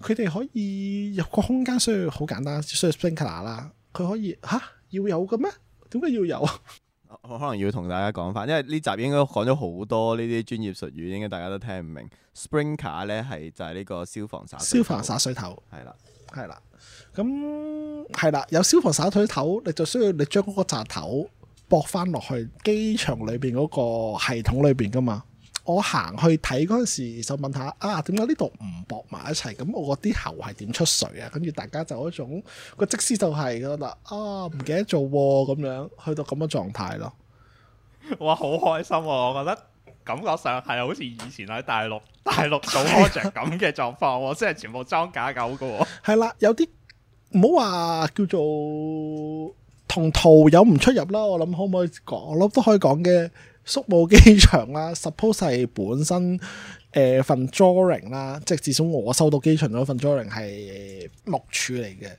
佢哋可以入個空間，需要好簡單，需要 sprinkler 啦。佢可以吓要有嘅咩？點解要有？我可能要同大家講返，因為呢集應該講咗好多呢啲專業術語，應該大家都聽唔明。sprinkler 咧係就係、是、呢個消防灑水消防灑水頭，係啦，係啦，咁係啦，有消防灑水頭，你就需要你將嗰個閘頭。駁翻落去機場裏邊嗰個系統裏邊噶嘛？我行去睇嗰陣時就問下啊，點解呢度唔駁埋一齊？咁我嗰啲喉係點出水啊？跟住大家就一種個即師就係嗱啊，唔記得做咁樣，去到咁嘅狀態咯。我好開心、啊，我覺得感覺上係好似以前喺大陸大陸做 project 咁嘅狀況、啊，即係 (laughs) 是、啊、 (laughs) 全部裝假狗嘅、啊。係啦、啊，有啲唔好話叫做。同圖有唔出入啦，我諗可唔可以講？我諗都可以講嘅。宿務機場啦，suppose 係本身誒、呃、份 drawing 啦，即係至少我收到機場嗰份 drawing 係木柱嚟嘅。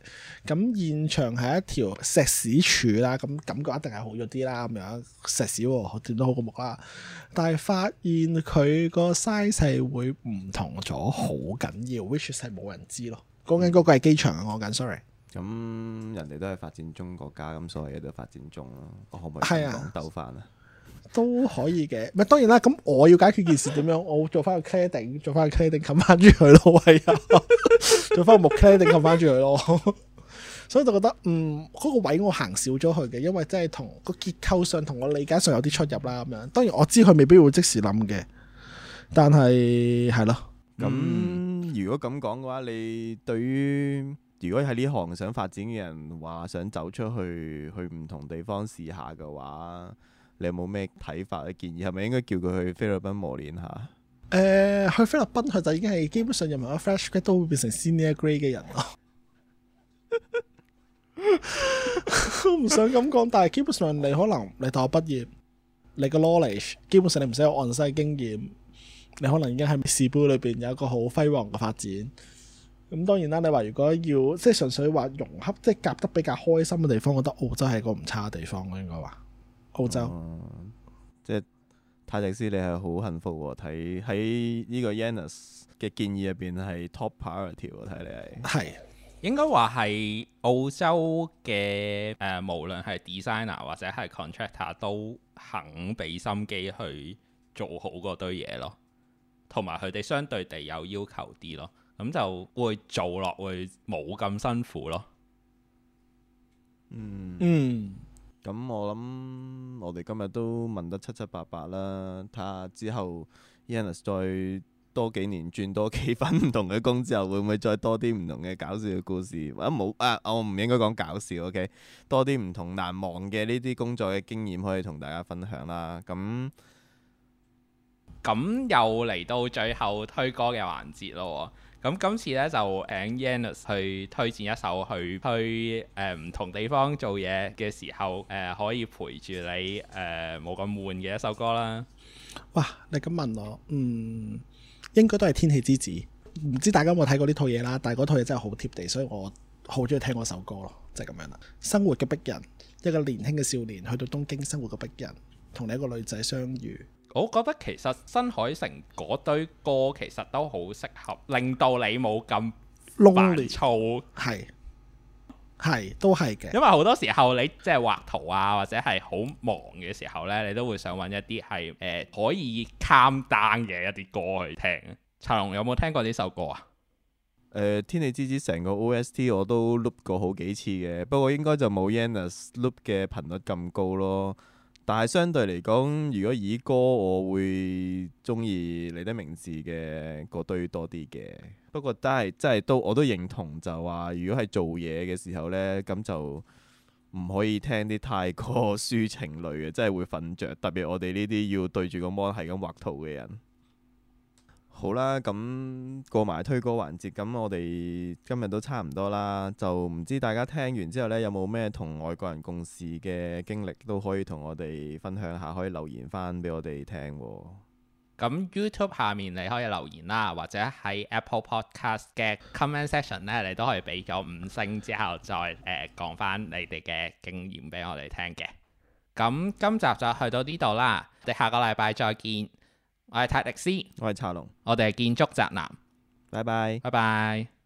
咁現場係一條石屎柱啦，咁感覺一定係好咗啲啦。咁樣石屎點都好過木啦。但係發現佢個 size 會唔同咗，好緊要，which 係冇人知咯。講緊嗰個係機場啊，講緊 sorry。咁人哋都係發展中國家，咁所謂喺度發展中咯。我可唔可以講鬥翻啊？都可以嘅，唔係當然啦。咁我要解決件事點樣？ (laughs) 我做翻個 cladding 做翻個 cladding 冚翻住佢咯，唯有，做翻個木 cladding 冚翻住佢咯。 (laughs) (laughs) 所以就覺得嗯，嗰、那個位我行少咗去嘅，因為真係同個結構上同我理解上有啲出入啦。咁樣當然我知佢未必會即時冧嘅，但係係咯。咁那、嗯、如果咁講嘅話，你對於？如果喺呢行想發展嘅人話，想走出去去唔同地方試下嘅話，你有冇咩睇法、建議？係咪應該叫佢去菲律賓磨練下？誒、呃，去菲律賓佢就已經係基本上入埋個 fresh grad 都會變成 senior grade 嘅人咯。我唔 (laughs) (laughs) (laughs) 想咁講，但係基本上你可能你大學畢業，你個 knowledge 基本上你唔使有曖曖細經驗，你可能已經喺市鋪裏邊有一個好輝煌嘅發展。咁當然啦，你話如果要即係純粹話融合，即係夾得比較開心嘅地方，我覺得澳洲係個唔差嘅地方嘅應該話，澳洲。嗯、即係泰迪斯，你係好幸福喎！睇喺呢個 Yannis 嘅建議入邊係 top priority，我睇你係。係是應該話係澳洲嘅誒、呃，無論係 designer 或者係 contractor 都肯俾心機去做好嗰堆嘢咯，同埋佢哋相對地有要求啲咯。咁就會做落，會冇咁辛苦咯。嗯，咁、嗯、我諗我哋今日都問得七七八八啦，睇下之後 Yannis 再多幾年轉多幾份唔同嘅工之後，會唔會再多啲唔同嘅搞笑嘅故事？或者冇啊，我唔應該講搞笑，OK？多啲唔同難忘嘅呢啲工作嘅經驗可以同大家分享啦。咁咁又嚟到最後推歌嘅環節咯。咁今次咧就請 Yannis 去推薦一首去去誒唔、呃、同地方做嘢嘅時候誒、呃、可以陪住你誒冇咁悶嘅一首歌啦。哇！你咁問我，嗯，應該都係《天氣之子》。唔知大家有冇睇過呢套嘢啦？但係嗰套嘢真係好貼地，所以我好中意聽嗰首歌咯，就係、是、咁樣啦。生活嘅逼人，一個年輕嘅少年去到東京生活嘅逼人，同你一個女仔相遇。我覺得其實新海誠嗰堆歌其實都好適合，令到你冇咁煩躁。係，係都係嘅。因為好多時候你即係畫圖啊，或者係好忙嘅時候呢，你都會想揾一啲係誒可以 calming 嘅一啲歌去聽。陳龍有冇聽過呢首歌啊？誒、呃，《天氣之子》成個 OST 我都 loop 過好幾次嘅，不過應該就冇 Yannis loop 嘅頻率咁高咯。但係相對嚟講，如果以歌，我會中意你的名字嘅嗰堆多啲嘅。不過都係，真係都我都認同就話，如果係做嘢嘅時候呢，咁就唔可以聽啲太過抒情類嘅，真係會瞓着。特別我哋呢啲要對住個 mon 係咁畫圖嘅人。好啦，咁過埋推歌環節，咁我哋今日都差唔多啦，就唔知大家聽完之後呢，有冇咩同外國人共事嘅經歷都可以同我哋分享下，可以留言翻俾我哋聽喎、哦。咁 YouTube 下面你可以留言啦，或者喺 Apple Podcast 嘅 Comment Section 呢，你都可以俾咗五星之後再誒講翻你哋嘅經驗俾我哋聽嘅。咁今集就去到呢度啦，我哋下個禮拜再見。我係泰迪斯我，我係茶龍，我哋係建築宅男，拜拜，拜拜。